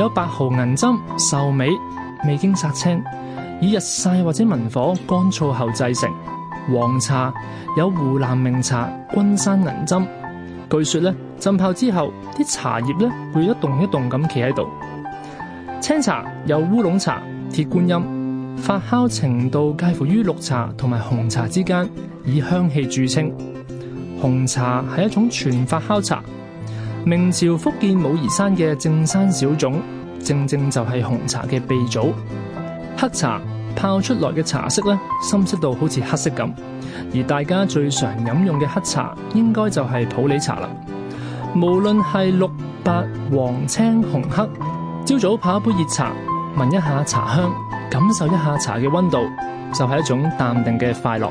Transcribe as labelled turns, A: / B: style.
A: 有白毫銀針、壽眉，未經殺青，以日曬或者文火乾燥後製成。黃茶有湖南名茶君山銀針，據說咧浸泡之後，啲茶葉咧會一動一動咁企喺度。青茶有烏龍茶、鐵觀音，發酵程度介乎於綠茶同埋紅茶之間，以香氣著稱。紅茶係一種全發酵茶。明朝福建武夷山嘅正山小種，正正就係紅茶嘅鼻祖。黑茶泡出來嘅茶色咧，深色到好似黑色咁。而大家最常飲用嘅黑茶，應該就係普洱茶啦。無論係綠、白、黃、青、紅、黑，朝早泡一杯熱茶，聞一下茶香，感受一下茶嘅溫度，就係一種淡定嘅快樂。